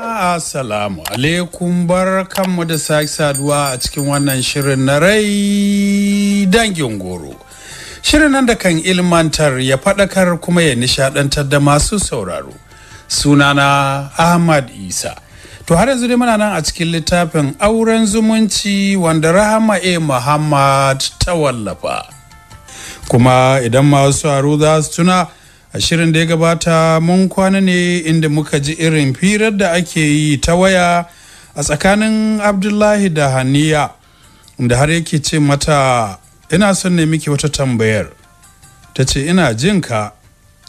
Assalamu alaikum bar kanmu da sake saduwa a cikin wannan shirin na rai dangin goro. Shirin nan da kan ilmantar ya faɗakar kuma ya nishaɗantar da masu sauraro. Sunana Ahmad Isa. To har yanzu dai muna nan a cikin littafin auren zumunci wanda Rahama A. Muhammad ta wallafa. Kuma idan masu sauraro za su tuna a shirin da ya gabata mun kwana ne inda muka ji irin firar da ake yi ta waya a tsakanin abdullahi da haniya da har yake ce mata ina son ne miki wata tambayar ta ce ina jin ka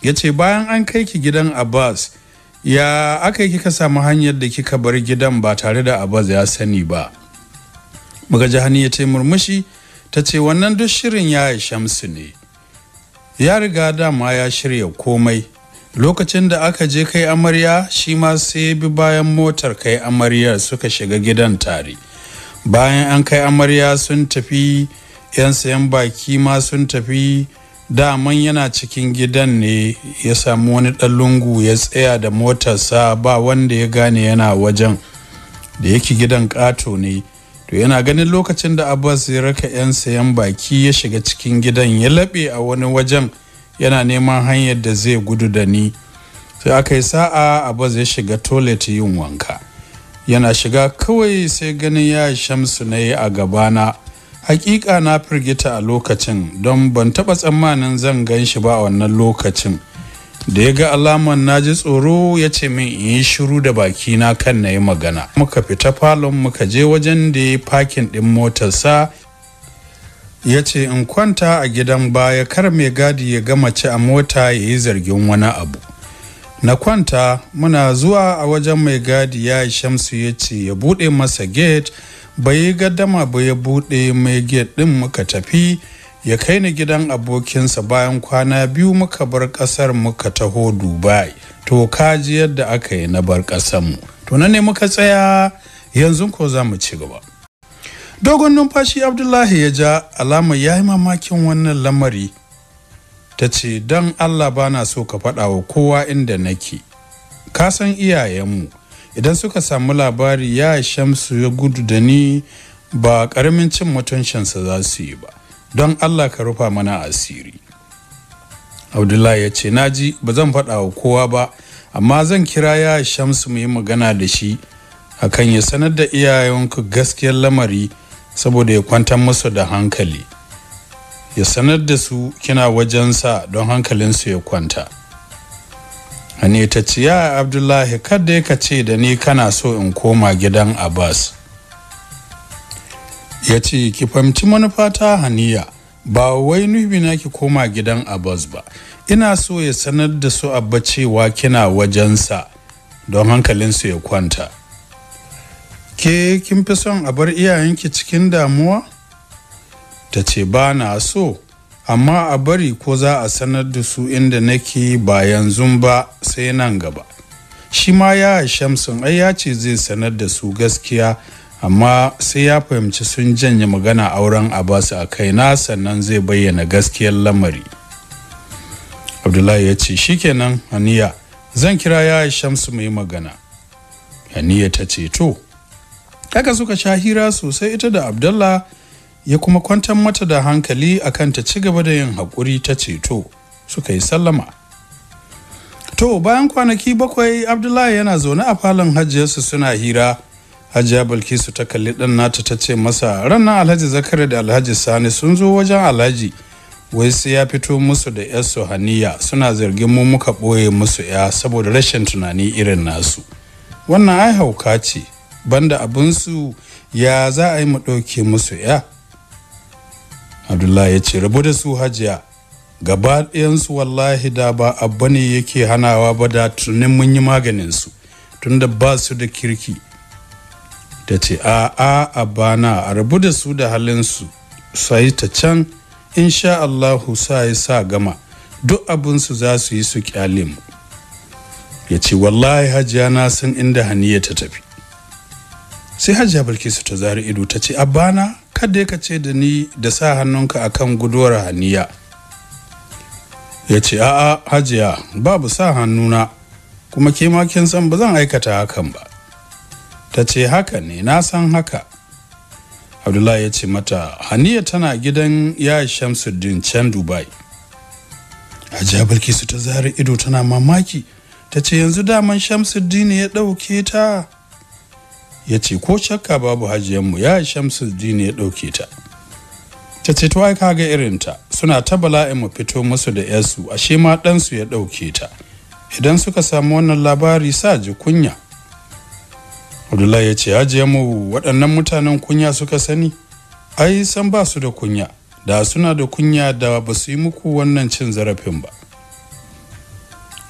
ya ce bayan an kai ki gidan abbas ya aka yi kika samu hanyar da kika bar gidan ba tare da abbas ya sani ba muka ji haniya ta murmushi ta ce wannan duk shirin ya yi shamsu ne ya riga dama ya shirya komai lokacin da aka je kai amarya shi ma sai ya bi bayan motar kai amaryar suka shiga gidan tare bayan an kai amarya sun tafi 'yan sayan baki ma sun tafi daman yana cikin gidan ne ya samu wani ɗan lungu ya tsaya da motarsa ba wanda ya gane yana wajen da yake gidan ƙato ne to yana ganin lokacin da abbas ya raka 'yan sayan baki ya shiga cikin gidan ya laɓe a wani wajen yana neman hanyar da zai gudu da ni sai aka yi sa'a abbas ya shiga toilet yin wanka yana shiga kawai sai ganin ya shamsu na yi a gabana hakika na firgita a lokacin don ban taɓa tsammanin zan gan shi ba a wannan lokacin da ya ga alaman na ji tsoro ya ce min in yi shiru da baki na kan na yi magana muka fita falon muka je wajen da ya fakin din motarsa ya ce in kwanta a gidan baya kar mai gadi ya gama ci a mota ya yi zargin wani abu na kwanta muna zuwa a wajen mai gadi ya yi shamsu ya ce ya buɗe masa gate bai yi gadama ba ya buɗe mai gate ɗin muka tafi ya kai ni gidan abokinsa bayan kwana biyu muka bar kasar muka taho dubai to kaji yadda aka yi na bar mu to nan ne muka tsaya yanzu ko za mu ci gaba dogon numfashi abdullahi ya ja alama ya yi mamakin wannan lamari ta ce don allah bana so ka faɗa wa kowa inda nake ka san iyayenmu idan suka samu labari ya shamsu ya gudu da ni ba ƙaramin cin mutuncinsa za su yi ba don allah ka rufa mana asiri abdullahi ya ce naji ba zan faɗa wa kowa ba amma zan kira ya shamsu mu yi magana da shi akan ya sanar da iyayenku gaskiyar lamari saboda ya kwantar musu da hankali ya sanar da su kina wajensa don hankalinsu ya kwanta Hane ta ce ya abdullahi kada ka ce da ni kana so in koma gidan abbas ya ce ki fahimci manufa ta haniya ba wai na ki koma gidan abbas ba ina so ya sanar da su abba cewa kina wajensa don hankalinsu ya kwanta ke kin fi son a bar iyayenki cikin damuwa ta ce ba na so amma a bari ko za a sanar da su inda nake ba yanzu ba sai nan gaba shi ma ya shamsun ai ya ce zai sanar da su gaskiya amma sai ya fahimci sun janye magana auren abasu a kaina sannan zai bayyana gaskiyar lamari abdullahi ya ce shikenan aniya zan kira ya shamsu mai magana aniya ta ce to kaka suka sha hira sosai ita da abdullah ya kuma kwantar mata da hankali akan ta ci gaba da yin haƙuri ta ceto suka yi sallama to bayan kwanaki bakwai abdullahi yana zaune a falon hajjiyarsu suna hira hajiya bilkisu ta kalli ɗan nata ta ce masa ranar alhaji zakari da alhaji sani sun zo wajen alhaji wai sai ya fito musu da yarsu haniya suna zargin mu muka ɓoye musu ya saboda rashin tunani irin nasu wannan ai hauka ce banda abinsu ya za a yi mu ɗauke musu ya abdullahi ya ce rabu da su hajiya gaba ɗayansu wallahi da ba abu ne yake hanawa ba da tunin mun yi maganinsu tunda ba su da kirki ta ce a a abana a rabu da su da halinsu sai ta can in sha allahu sa yi sa gama duk abinsu za su yi su kyale mu ya ce wallahi hajiya na san inda haniya ta tafi sai hajiya bilkisu ta zari ido ta ce bana kada ka ce da ni da sa hannunka akan guduwar haniya ya ce a'a hajiya babu sa hannuna kuma ke san ba zan aikata hakan ba ta ce haka ne na san haka abdullahi ya ce mata haniya tana gidan ya din can dubai hajiya bilkisu ta zari ido tana mamaki ta ce yanzu daman shamsuddin ya ɗauke ta ya ce ko shakka babu hajiyanmu ya shamsuddin ya ɗauke ta ta ce tuwa ka ga irinta suna ta bala'in mu fito musu da yarsu ashe ma ɗansu ya ɗauke ta idan suka samu wannan labari sa ji kunya abdullahi ya ce ajiye mu waɗannan mutanen kunya suka sani ai san ba su da kunya da suna da kunya da ba su yi muku wannan cin zarafin ba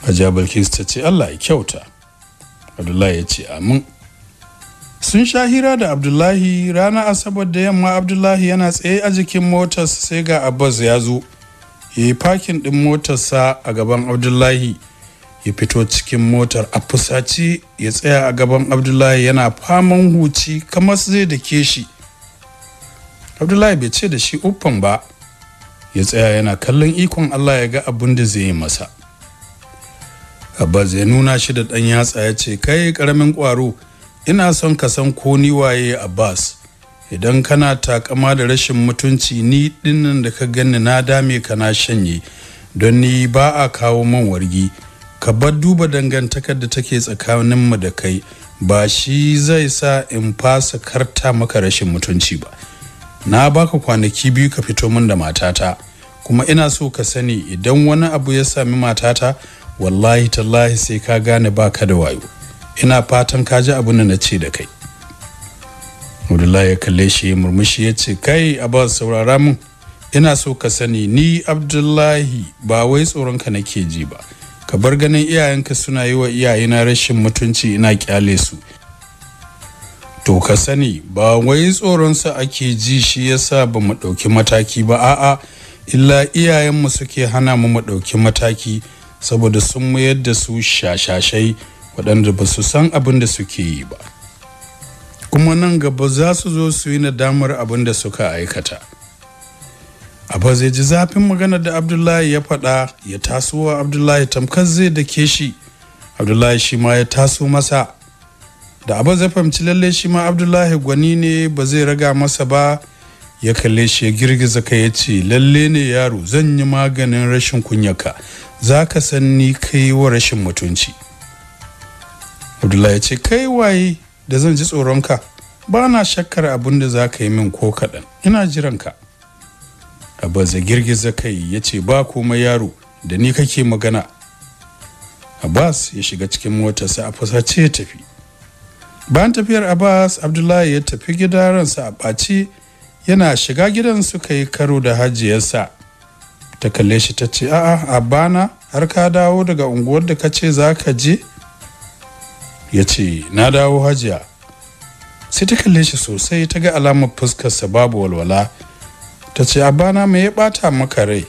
hajiya bilkis ta ce allah ya kyauta abdullahi ya ce amin sun sha hira da abdullahi rana asabar da yamma abdullahi yana tsaye a jikin motarsa sai ga abbas ya zo ya yi fakin ɗin motarsa a gaban abdullahi ya fito cikin motar a fusaci ya tsaya a gaban abdullahi yana faman huci kamar zai da ke shi abdullahi bai ce da shi uffan ba ya tsaya yana kallon ikon allah ya ga abin da zai yi masa abbas ya nuna shi da ɗan yatsa ya ce kai karamin ƙwaro ina son ka san ko ni waye abbas idan kana takama da rashin mutunci ni dinnan da ka gani na dame ka na shanye don ni ba a kawo man wargi ka bar duba dangantakar da take tsakaninmu da kai ba shi zai sa in fasa karta maka rashin mutunci ba na baka kwanaki biyu ka fito min da matata kuma ina so ka sani idan wani abu ya sami matata wallahi tallahi sai ka gane ba ka da wayo ina fatan ka ji abin da na ce da kai abdullahi ya kalle shi murmushi ya ce kai abbas saurara mun ina so ka sani ni abdullahi ba wai tsoronka nake ji ba ka bar ganin iyayenka suna yi wa iyayena rashin mutunci ina kyale su to ka sani ba wai tsoronsa ake ji shi yasa ba mu ɗauki mataki ba a'a illa iyayenmu suke hana mu mu ɗauki mataki saboda sun mayar da su shashashai waɗanda ba su san abin da suke yi ba kuma nan gaba za su zo su yi nadamar abin da suka aikata. ba zai ji zafin magana da abdullahi ya faɗa ya taso wa abdullahi tamkar zai da ke shi abdullahi shi ma ya taso masa da abba zai fahimci lalle shi ma abdullahi gwani ne ba zai raga masa ba ya kalle shi ya girgiza ka ya ce lalle ne yaro zan yi maganin rashin kunyaka za ka san ni kai wa rashin mutunci abdullahi ya ce kai waye da zan ji tsoronka ba na shakkar abin da za ka yi min ko kaɗan ina jiran ka. Abaza girgiza kai ya ce ba komai yaro da ni kake magana. Abbas ya shiga cikin motarsa a fusace ya tafi. Bayan tafiyar Abbas, Abdullahi ya tafi gida ransa a ɓaci yana shiga gidan suka yi karo da hajiyarsa. Ta kalle shi ta ce, "A'a, bana har ka dawo daga unguwar da ka ce za ka je?" Ya ce, "Na dawo hajiya." Sai ta kalle shi sosai ta ga alamar fuskarsa babu walwala. ta ce abana me ya bata maka rai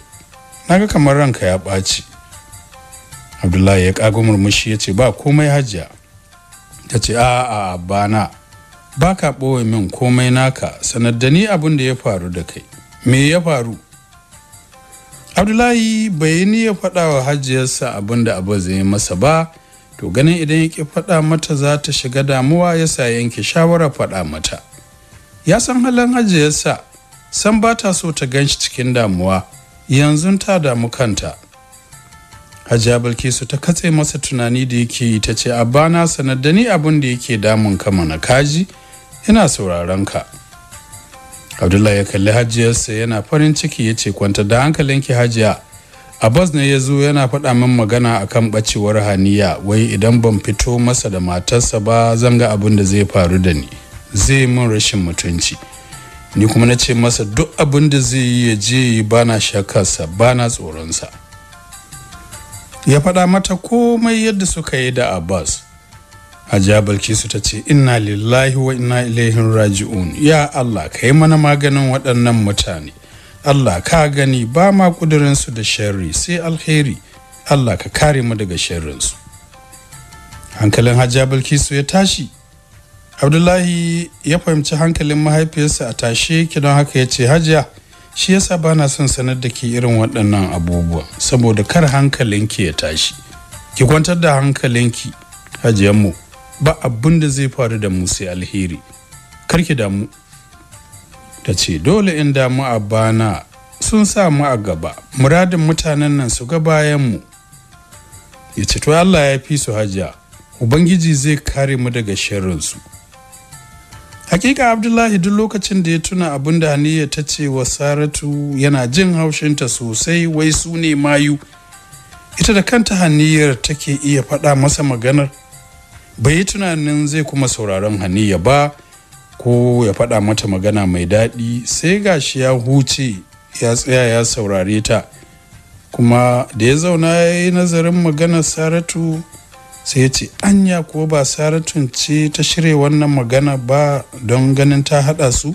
naga kamar ranka ya ɓaci abdullahi ya kago murmushi ya ce ba komai Hajiya. ta ce a a abana ba ka ɓoye min komai naka sanar da ni abin da ya faru da kai me ya faru abdullahi bai ni ya faɗa wa hajjiyarsa abin da abu zai yi masa ba to ganin idan ya ke faɗa mata za ta shiga damuwa ya sa yanke shawarar faɗa mata ya san halin hajjiyarsa san ba ta so ta ganshi cikin damuwa yanzu ta damu kanta hajiya bilkisu ta katse masa tunani da yake yi ta ce abba na sanar ni abin da yake damun kama na kaji ina sauraron ka abdullahi ya kalli hajiyarsa yana farin ciki ya ce kwanta da hankalin ki hajiya abbas ne ya zo yana faɗa min magana akan ɓacewar haniya wai idan ban fito masa da matarsa ba zan ga abin da zai faru da ni zai min rashin mutunci ni kuma na ce masa duk abin da zai yi ya je ba na shakarsa ba na tsoronsa ya faɗa mata komai yadda suka yi da abbas hajiya balkisu ta ce inna lillahi wa inna ilaihin raji'un ya allah ka yi mana maganin waɗannan mutane allah ka gani ba ma ƙudurinsu da sharri sai alheri allah ka kare mu daga sharrinsu hankalin hajiya balkisu ya tashi abdullahi ya fahimci hankalin mahaifiyarsa a tashe ki don haka ya ce hajiya shi yasa ba na son sanar da ke irin waɗannan abubuwa saboda kar hankalinki ya tashi ki kwantar da hankalinki hajiyanmu ba abin da zai faru da mu sai alheri kar ki damu ta ce dole in damu a bana sun sa mu a gaba muradin mutanen nan su ga bayan mu ya ce to Allah ya fi su hajiya ubangiji zai kare mu daga shirinsu. su hakika abdullahi duk lokacin da ya tuna abin da haniya ta ce wa saratu yana jin haushinta sosai wai su ne mayu ita da kanta haniyar take iya faɗa masa maganar bai yi tunanin zai kuma sauraron haniya ba ko ya faɗa mata magana mai daɗi sai gashi ya huce ya tsaya ya saurare ta kuma da ya zauna ya yi nazarin maganar saratu sai ya ce anya kuwa ba saratun ce ta shirya wannan magana ba don ganin ta haɗa su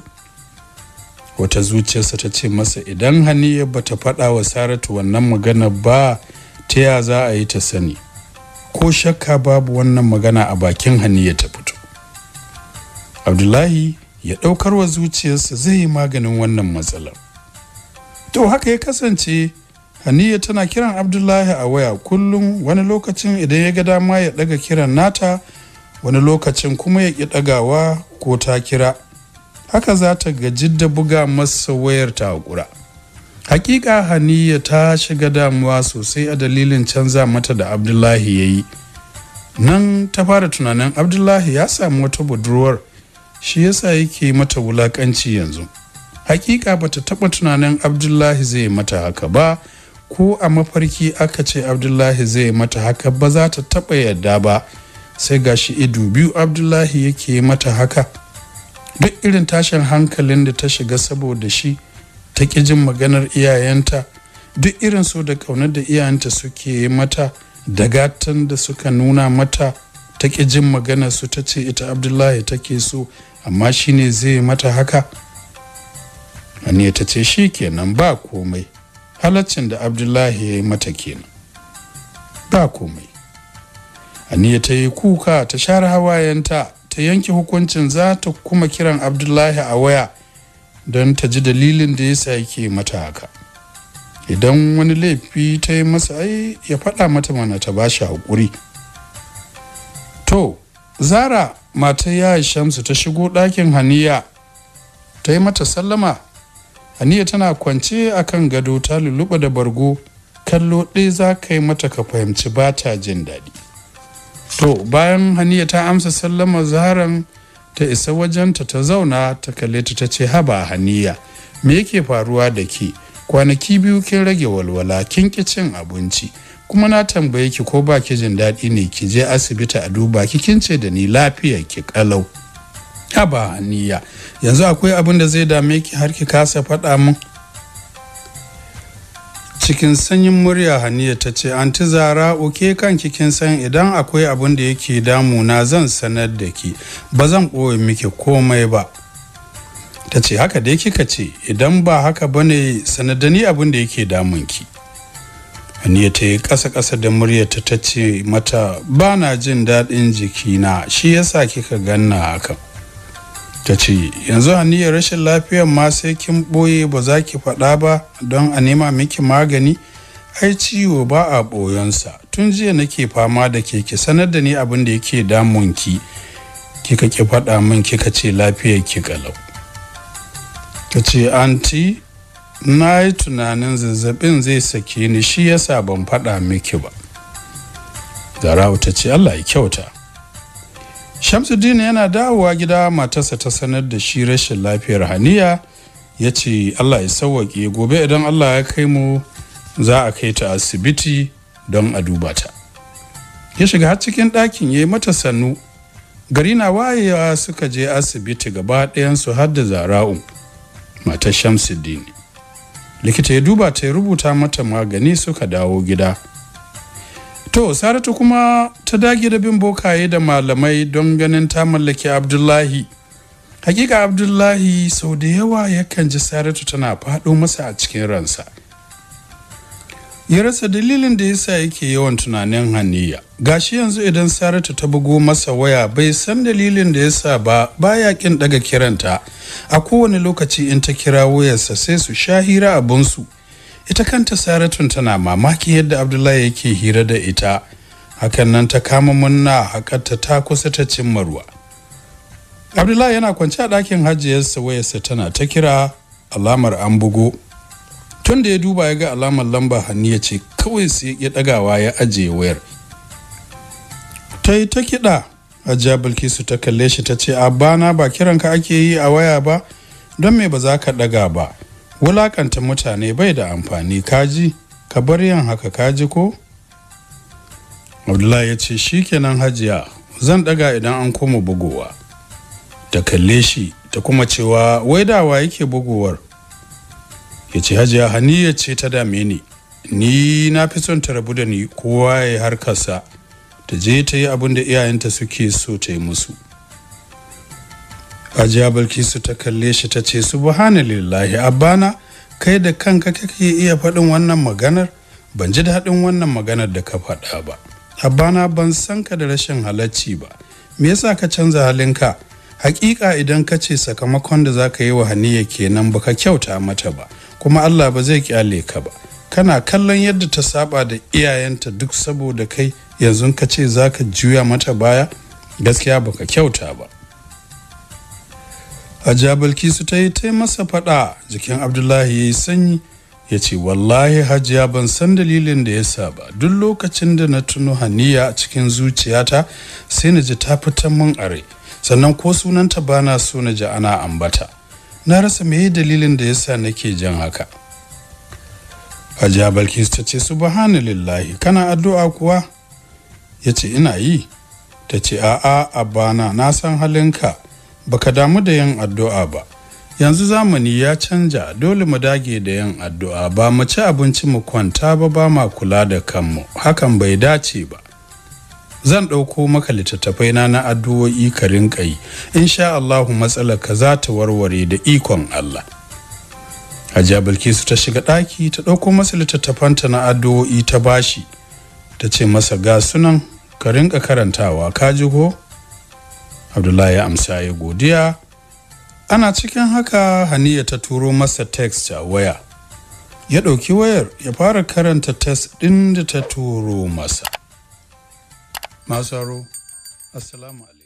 wata zuciyarsa ta ce masa idan haniya ba ta faɗa wa saratu wannan magana ba ta ya za a yi ta sani ko shakka babu wannan magana a bakin ya ta fito abdullahi ya ɗaukar wa zuciyarsa zai yi maganin wannan matsalar to haka ya kasance Haniya tana kiran Abdullahi a waya kullum wani lokacin idan ya ga dama ya ɗaga kiran nata wani lokacin kuma ya ki dagawa ko ta kira. Haka za ta gaji da buga masa wayar ta haƙura Hakika Haniya ta shiga damuwa sosai a dalilin canza mata da Abdullahi ya yi. Nan ta fara tunanin Abdullahi ya samu wata budurwar shi yasa yake mata wulakanci yanzu. Hakika bata taɓa tunanin Abdullahi zai mata haka ba. ko a mafarki aka ce abdullahi zai mata haka ba za ta taɓa yadda ba sai ga shi ido biyu abdullahi yake mata haka duk irin tashin hankalin da ta shiga saboda shi ta ki jin maganar iyayenta duk irin so da kaunar da iyayenta suke mata da gatan da suka nuna mata ta ki jin maganar su ta ce ita abdullahi take so amma shine zai mata haka ta ce shi kenan ba komai halaccin da abdullahi ya yi mata kenan ba komai aniya ta yi kuka ta share hawayenta ta yanke hukuncin za ta kuma kiran abdullahi a waya don ta ji dalilin da ya yake mata haka idan wani laifi ta yi masa ai ya faɗa mata mana ta ba shi haƙuri to zara matar ya shamsu ta shigo ɗakin haniya ta yi mata sallama aniya tana kwance a kan gado ta lulluɓa da bargo kallo ɗaya za ka yi mata ka fahimci ba ta jin daɗi to bayan haniya ta amsa sallama zaharan ta isa wajenta ta zauna ta kalle ta ta ce haba haniya me yake faruwa da ke kwanaki biyu kin rage walwala kin ki cin abinci kuma na tambaye ki ko ba ki jin daɗi ne ki je asibiti a duba ki kince da ni lafiya ki kalau haba niyya yanzu akwai abin da zai dame ki har ki kasa faɗa mun cikin sanyin murya haniya ta ce anti zara oke kan kin san idan akwai abin da yake damuna zan sanar da ki ba zan ɓoye miki komai ba ta ce haka dai kika ce idan ba haka ba ne sanadani abin da yake damun ki. haniya ta yi ƙasa-ƙasa da murya ta ce mata ba na jin daɗin jikina shi yasa kika ganna hakan ta ce yanzu aniyar rashin lafiyar ma sai kin ɓoye ba za ki faɗa ba don a nema miki magani ai ciwo ba a ɓoyonsa tun jiya nake fama da ke ki sanar da ni abin da yake damunki kika ki faɗa min kika ce lafiyar ki galau ta ce anti na yi tunanin zazzabin zai sake ni shi yasa ban faɗa miki ba zara'u ta ce allah ya kyauta shamsuddin yana dawowa gida matarsa ta sanar da shi rashin lafiyar haniya ya ce allah ya sauwaƙe gobe idan allah ya kai mu za a kai ta asibiti don a duba ta ya shiga har cikin ɗakin ya yi mata sannu gari na wayewa suka je asibiti gaba ɗayansu har da zara'u matar shamsuddin likita ya duba ta ya rubuta mata magani suka dawo gida to saratu kuma ta dage da bin bokaye da malamai don ganin ta mallaki abdullahi hakika abdullahi sau da yawa yakan ji saratu tana faɗo masa a cikin ransa ya rasa dalilin da yasa yake yawan tunanin haniya gashi yanzu idan saratu ta bugo masa waya bai san dalilin da yasa ba baya kin daga kiranta a kowane lokaci in ta kira wayarsa sai su sha hira abunsu ita kanta saratun tana mamaki yadda abdullahi yake hira da ita hakan nan ta kama munna hakarta ta kusa ta cimma ruwa abdullahi yana kwance a ɗakin hajjiyarsa wayarsa tana ta kira alamar an bugo tun da ya duba ya ga alamar lamba hannu ya ce kawai sai ya ɗagawa ya ajiye wayar ta yi ta kiɗa hajiya bilkisu ta kalle shi ta ce abana ba kiranka ake yi a waya ba don me ba za ka ɗaga ba wulakanta mutane bai da amfani kaji ka bar yin haka kaji ko abdullahi ya ce shi kenan hajiya zan daga idan an koma bugowa ta kalle shi ta kuma cewa wai da dawa yake bugowar ya ce hajiya hani ya ce ta dame ni ni na fi son ta rabu da ni kowa ya harkarsa ta je ta yi abin da iyayenta suke so ta yi musu hajiya su ta kalle shi ta ce subhanallahi abana kai da kanka kake iya faɗin wannan maganar ban ji daɗin wannan maganar da ka faɗa ba abana ban san ka da rashin halacci ba me yasa ka canza halinka hakika idan ka ce sakamakon da za ka yi wa haniya kenan baka kyauta mata ba kuma allah ba zai kyale ka ba kana kallon yadda ta saba da iyayenta duk saboda kai yanzu ka ce za ka juya mata baya gaskiya baka kyauta ba hajiya bilkisu ta yi ta masa faɗa jikin abdullahi ya yi sanyi ya ce wallahi hajiya ban san dalilin da ya sa ba duk lokacin da na tuno haniya a cikin zuciyata sai na ji ta fitan min are sannan ko sunanta ba na so na ji ana ambata na rasa yi dalilin da ya sa nake jan haka hajiya balkis ta ce subhanallahi kana addu'a kuwa ya ce ina yi ta ce a'a abana na san halinka baka damu da yan addu'a ba yanzu zamani ya canja dole mu dage da yan addu'a ba mu ci abinci mu kwanta ba ba ma kula da kanmu hakan bai dace ba zan ɗauko maka littattafai na na addu'o'i ka rinka yi insha Allahu matsalar ka za ta warware da ikon Allah Hajiya Bilkisu ta shiga ɗaki ta ɗauko masa littattafanta na addu'o'i ta bashi ta ce masa ga sunan ka rinka karantawa ka ji ko abdullahi ya amsa ya godiya ana cikin haka haniya ta turo masa text a waya ya ɗauki wayar ya fara karanta test ɗin da ta turo masa masaro assalamu